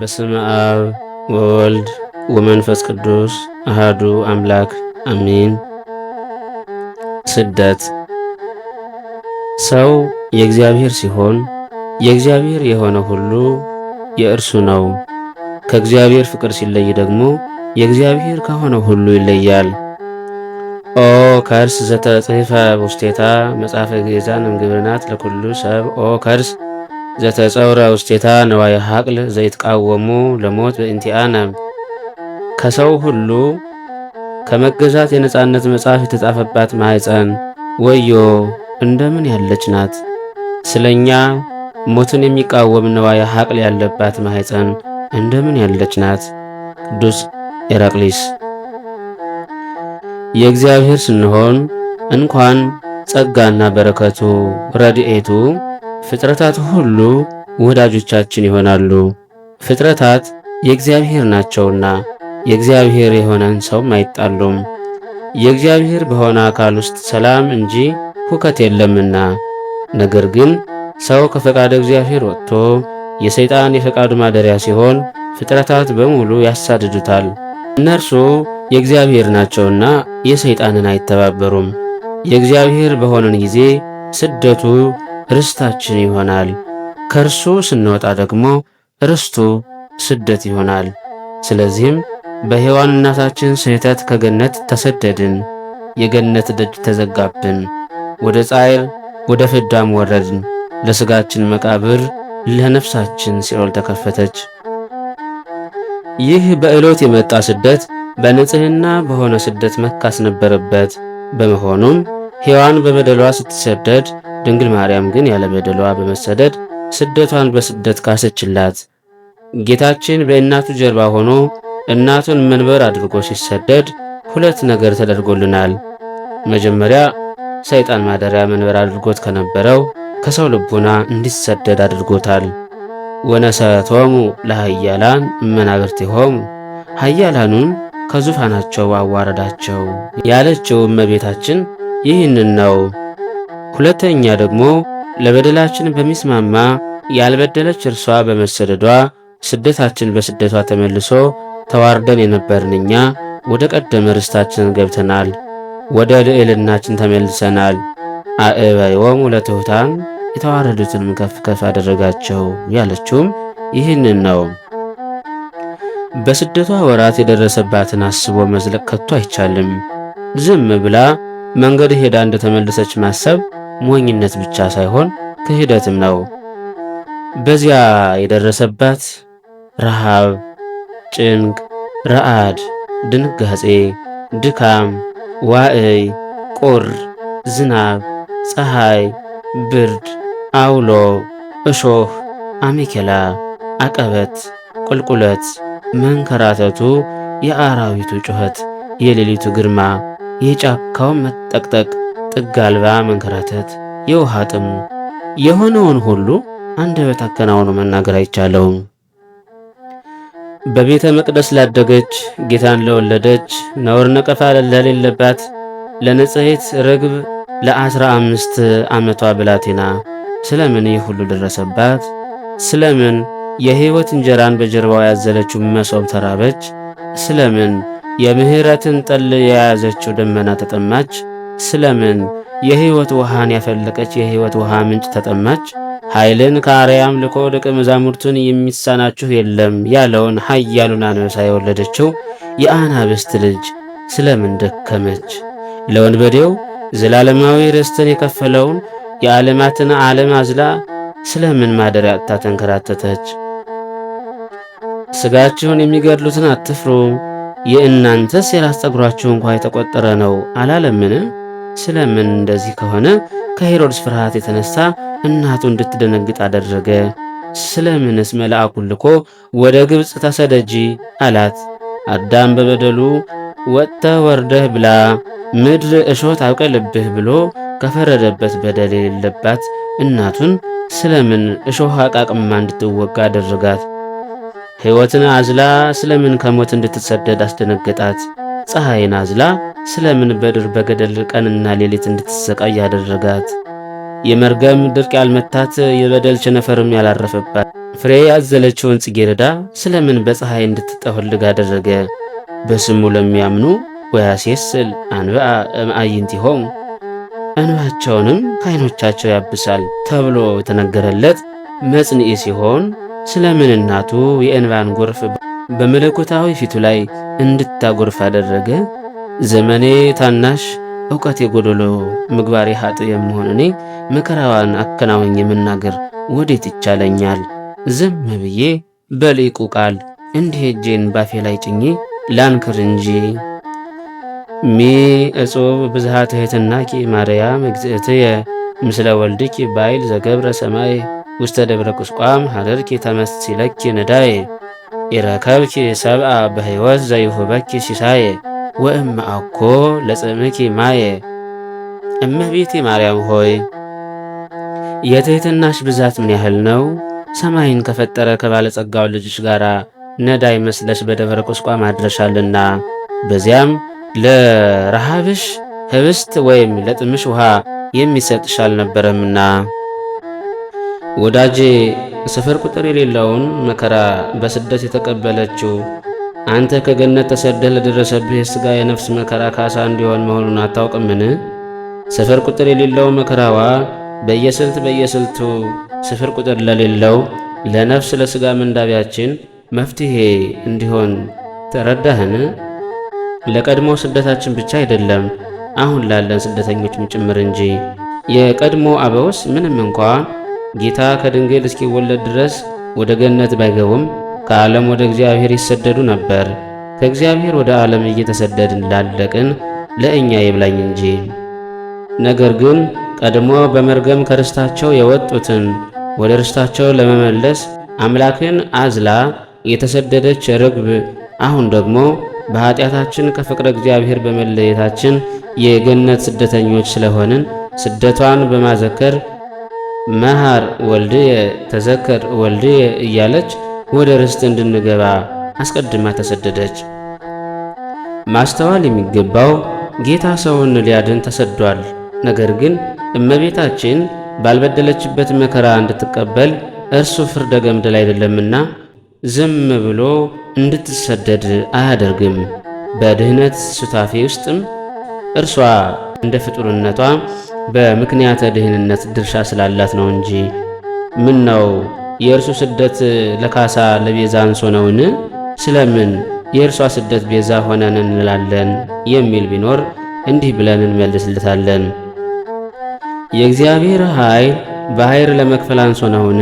በስም አብ ወወልድ ወመንፈስ ቅዱስ አሃዱ አምላክ አሚን። ስደት ሰው የእግዚአብሔር ሲሆን የእግዚአብሔር የሆነ ሁሉ የእርሱ ነው። ከእግዚአብሔር ፍቅር ሲለይ ደግሞ የእግዚአብሔር ከሆነ ሁሉ ይለያል። ኦ ከርስ ዘተጽሕፈ ውስቴታ መጽሐፈ ግእዛን እምግብርናት ለኩሉ ሰብ ኦ ከርስ ዘተጸውረ ውስቴታ ነዋየ ሀቅል ዘይትቃወሙ ለሞት በእንቲአነ ከሰው ሁሉ ከመገዛት የነፃነት መጽሐፍ የተጻፈባት ማኅፀን ወዮ እንደምን ያለች ናት! ስለኛ ሞትን የሚቃወም ነዋየ ሀቅል ያለባት ማኅፀን እንደምን ያለች ናት! ቅዱስ ኤራቅሊስ የእግዚአብሔር ስንሆን እንኳን ጸጋና በረከቱ ረድኤቱ ፍጥረታት ሁሉ ወዳጆቻችን ይሆናሉ። ፍጥረታት የእግዚአብሔር ናቸውና የእግዚአብሔር የሆነን ሰውም አይጣሉም። የእግዚአብሔር በሆነ አካል ውስጥ ሰላም እንጂ ሁከት የለምና። ነገር ግን ሰው ከፈቃደ እግዚአብሔር ወጥቶ የሰይጣን የፈቃዱ ማደሪያ ሲሆን ፍጥረታት በሙሉ ያሳድዱታል። እነርሱ የእግዚአብሔር ናቸውና የሰይጣንን አይተባበሩም። የእግዚአብሔር በሆነን ጊዜ ስደቱ ርስታችን ይሆናል። ከእርሱ ስንወጣ ደግሞ ርስቱ ስደት ይሆናል። ስለዚህም በሔዋን እናታችን ስህተት ከገነት ተሰደድን። የገነት ደጅ ተዘጋብን። ወደ ጻዕር ወደ ፍዳም ወረድን። ለሥጋችን መቃብር፣ ለነፍሳችን ሲኦል ተከፈተች። ይህ በእሎት የመጣ ስደት በንጽህና በሆነ ስደት መካስ ነበረበት። በመሆኑም ሔዋን በበደሏ ስትሰደድ ድንግል ማርያም ግን ያለበደሏ በመሰደድ ስደቷን በስደት ካሰችላት። ጌታችን በእናቱ ጀርባ ሆኖ እናቱን መንበር አድርጎ ሲሰደድ ሁለት ነገር ተደርጎልናል። መጀመሪያ ሰይጣን ማደሪያ መንበር አድርጎት ከነበረው ከሰው ልቡና እንዲሰደድ አድርጎታል። ወነሰቶሙ ለሃያላን እመናብርቲሆሙ ሃያላኑን ከዙፋናቸው አዋረዳቸው ያለችው እመቤታችን ይህንን ነው። ሁለተኛ ደግሞ ለበደላችን በሚስማማ ያልበደለች እርሷ በመሰደዷ ስደታችን በስደቷ ተመልሶ ተዋርደን የነበርን እኛ ወደ ቀደመ ርስታችን ገብተናል፣ ወደ ልዕልናችን ተመልሰናል። አእበዮሙ ለትሑታን የተዋረዱትንም ከፍ ከፍ አደረጋቸው ያለችውም ይህንን ነው። በስደቷ ወራት የደረሰባትን አስቦ መዝለቅ ከቶ አይቻልም። ዝም ብላ መንገድ ሄዳ እንደተመለሰች ማሰብ ሞኝነት ብቻ ሳይሆን ክህደትም ነው። በዚያ የደረሰባት ረሃብ፣ ጭንቅ፣ ረአድ፣ ድንጋጼ፣ ድካም፣ ዋዕይ፣ ቁር፣ ዝናብ፣ ፀሐይ፣ ብርድ፣ አውሎ፣ እሾህ፣ አሜኬላ፣ አቀበት፣ ቁልቁለት፣ መንከራተቱ፣ የአራዊቱ ጩኸት፣ የሌሊቱ ግርማ፣ የጫካው መጠቅጠቅ ጥግ አልባ መንከራተት፣ የውሃ ጥም፣ የሆነውን ሁሉ አንደበት አከናውኖ መናገር አይቻለውም። በቤተ መቅደስ ላደገች ጌታን ለወለደች ነውር ነቀፋ ለሌለባት ለነጽሔት ርግብ ለአስራ አምስት ዓመቷ ብላቴና ስለምን ይህ ሁሉ ደረሰባት? ስለምን የሕይወት እንጀራን በጀርባው ያዘለችው መሶብ ተራበች? ስለምን የምሕረትን ጠል የያዘችው ደመና ተጠማች? ስለምን የሕይወት ውሃን ያፈለቀች የሕይወት ውሃ ምንጭ ተጠማች? ኃይልን ከአርያም ልኮ ደቀ መዛሙርቱን የሚሳናችሁ የለም ያለውን ኃያሉን አንበሳ የወለደችው የአናብስት ልጅ ስለምን ደከመች? ለወንበዴው ዘላለማዊ ርስትን የከፈለውን የዓለማትን ዓለም አዝላ ስለምን ማደሪያ አጥታ ተንከራተተች? ሥጋችሁን የሚገድሉትን አትፍሩ፣ የእናንተስ የራስ ጠጉራችሁ እንኳ የተቆጠረ ነው አላለምንም? ስለምን እንደዚህ ከሆነ ከሄሮድስ ፍርሃት የተነሳ እናቱ እንድትደነግጥ አደረገ። ስለምንስ መልአኩን ልኮ ወደ ግብፅ ተሰደጂ አላት። አዳም በበደሉ ወጥተህ ወርደህ ብላ ምድር እሾህ ታብቀልብህ ብሎ ከፈረደበት በደል የሌለባት እናቱን ስለምን እሾህ አቃቅማ እንድትወጋ አደረጋት። ሕይወትን አዝላ ስለምን ከሞት እንድትሰደድ አስደነገጣት። ፀሐይን አዝላ ስለምን በድር በገደል ቀንና ሌሊት እንድትሰቃይ ያደረጋት የመርገም ድርቅ ያልመታት የበደል ቸነፈርም ያላረፈባት ፍሬ ያዘለችውን ጽጌረዳ ስለምን በፀሐይ እንድትጠወልግ አደረገ? በስሙ ለሚያምኑ ወያሴስል አንብአ እምአዕይንቲሆሙ እንባቸውንም ከዓይኖቻቸው ያብሳል ተብሎ የተነገረለት መጽንዒ ሲሆን ስለምን እናቱ የእንባን ጎርፍ በመለኮታዊ ፊቱ ላይ እንድታጎርፍ አደረገ? ዘመኔ ታናሽ እውቀት የጎደሎ ምግባር ሀጥ የምሆን እኔ መከራዋን አከናወኝ የምናገር ወዴት ይቻለኛል? ዝም ብዬ በሊቁ ቃል እንዲህ እጄን ባፌ ላይ ጭኜ ላንክር እንጂ ሜ እጹብ ብዝሃት እህትናኪ ማርያም እግዝእትየ ምስለ ወልድኪ ባይል ዘገብረ ሰማይ ውስተ ደብረ ቁስቋም ሀረርኪ ተመስሲለኪ ንዳይ ኢረከብኪ ሰብአ በሕይወት ዘይሁበኪ ሲሳየ ወእመ አኮ ለጽምኪ ማየ እመቤቴ ማርያም ሆይ የትሕትናሽ ብዛት ምን ያህል ነው! ሰማይን ከፈጠረ ከባለጸጋው ልጅሽ ጋር ነዳይ መስለሽ በደብረ ቁስቋም አድረሻልና በዚያም ለረሃብሽ ህብስት ወይም ለጥምሽ ውሃ የሚሰጥሽ አልነበረምና ወዳጄ ስፍር ቁጥር የሌለውን መከራ በስደት የተቀበለችው አንተ ከገነት ተሰደህ ለደረሰብህ የሥጋ የነፍስ መከራ ካሳ እንዲሆን መሆኑን አታውቅምን? ስፍር ቁጥር የሌለው መከራዋ በየስልት በየስልቱ ስፍር ቁጥር ለሌለው ለነፍስ ለሥጋ ምንዳቢያችን መፍትሄ እንዲሆን ተረዳህን? ለቀድሞ ስደታችን ብቻ አይደለም አሁን ላለን ስደተኞችም ጭምር እንጂ። የቀድሞ አበውስ ምንም እንኳ ጌታ ከድንግል እስኪወለድ ድረስ ወደ ገነት ባይገቡም ከዓለም ወደ እግዚአብሔር ይሰደዱ ነበር። ከእግዚአብሔር ወደ ዓለም እየተሰደድን ላለቅን ለእኛ ይብላኝ እንጂ። ነገር ግን ቀድሞ በመርገም ከርስታቸው የወጡትን ወደ ርስታቸው ለመመለስ አምላክን አዝላ የተሰደደች ርግብ አሁን ደግሞ በኃጢአታችን ከፍቅረ እግዚአብሔር በመለየታችን የገነት ስደተኞች ስለሆንን ስደቷን በማዘከር መሃር ወልድየ ተዘከር ወልድየ እያለች ወደ ርስት እንድንገባ አስቀድማ ተሰደደች። ማስተዋል የሚገባው ጌታ ሰውን ሊያድን ተሰዷል። ነገር ግን እመቤታችን ባልበደለችበት መከራ እንድትቀበል እርሱ ፍርደ ገምድል አይደለምና ዝም ብሎ እንድትሰደድ አያደርግም። በድህነት ሱታፌ ውስጥም እርሷ እንደ ፍጡርነቷ በምክንያተ ድህንነት ድርሻ ስላላት ነው እንጂ ምን ነው የእርሱ ስደት ለካሳ ለቤዛ አንሶ ነውን? ስለምን የእርሷ ስደት ቤዛ ሆነን እንላለን የሚል ቢኖር እንዲህ ብለን እንመልስለታለን። የእግዚአብሔር ኃይል በኃይር ለመክፈል አንሶ ነውን?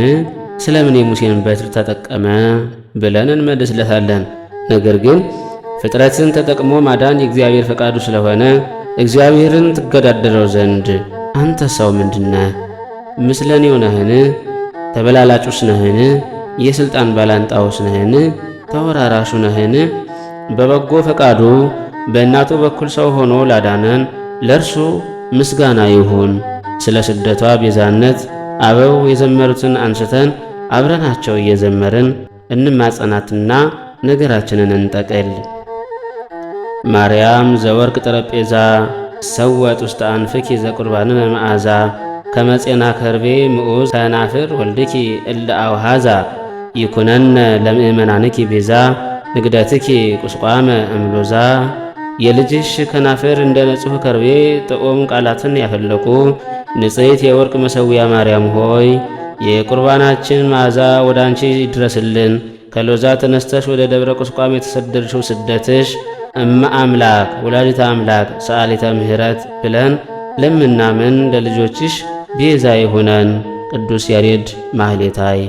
ስለምን የሙሴን በትር ተጠቀመ ብለን እንመልስለታለን። ነገር ግን ፍጥረትን ተጠቅሞ ማዳን የእግዚአብሔር ፈቃዱ ስለሆነ እግዚአብሔርን ትገዳደረው ዘንድ አንተ ሰው ምንድነህ? ምስለን የሆነህን ተበላላጩስ ነህን? የሥልጣን ባላንጣውስ ነህን? ተወራራሹ ነህን? በበጎ ፈቃዱ በእናቱ በኩል ሰው ሆኖ ላዳነን ለእርሱ ምስጋና ይሁን። ስለ ስደቷ ቤዛነት አበው የዘመሩትን አንስተን አብረናቸው እየዘመርን እንማጸናትና ነገራችንን እንጠቅል። ማርያም ዘወርቅ ጠረጴዛ ሰወጥ ውስተ አንፍኪ ዘቁርባንን መዓዛ ከመጼና ከርቤ ምዑዝ ከናፍር ወልድኪ እለ አውሃዛ ይኩነነ ለምእመናንኪ ቤዛ ንግደትኪ ቁስቋመ እምሎዛ። የልጅሽ ከናፍር እንደ ንጹሕ ከርቤ ጥዑም ቃላትን ያፈለቁ ንጽሕት የወርቅ መሠዊያ ማርያም ሆይ የቁርባናችን መዓዛ ወደ አንቺ ይድረስልን። ከሎዛ ተነስተሽ ወደ ደብረ ቁስቋም የተሰደድሽው ስደትሽ እመ አምላክ ወላዲተ አምላክ ሰአሊተ ምሕረት ብለን ለምናምን ለልጆችሽ ቤዛ ይሁነን። ቅዱስ ያሬድ ማህሌታይ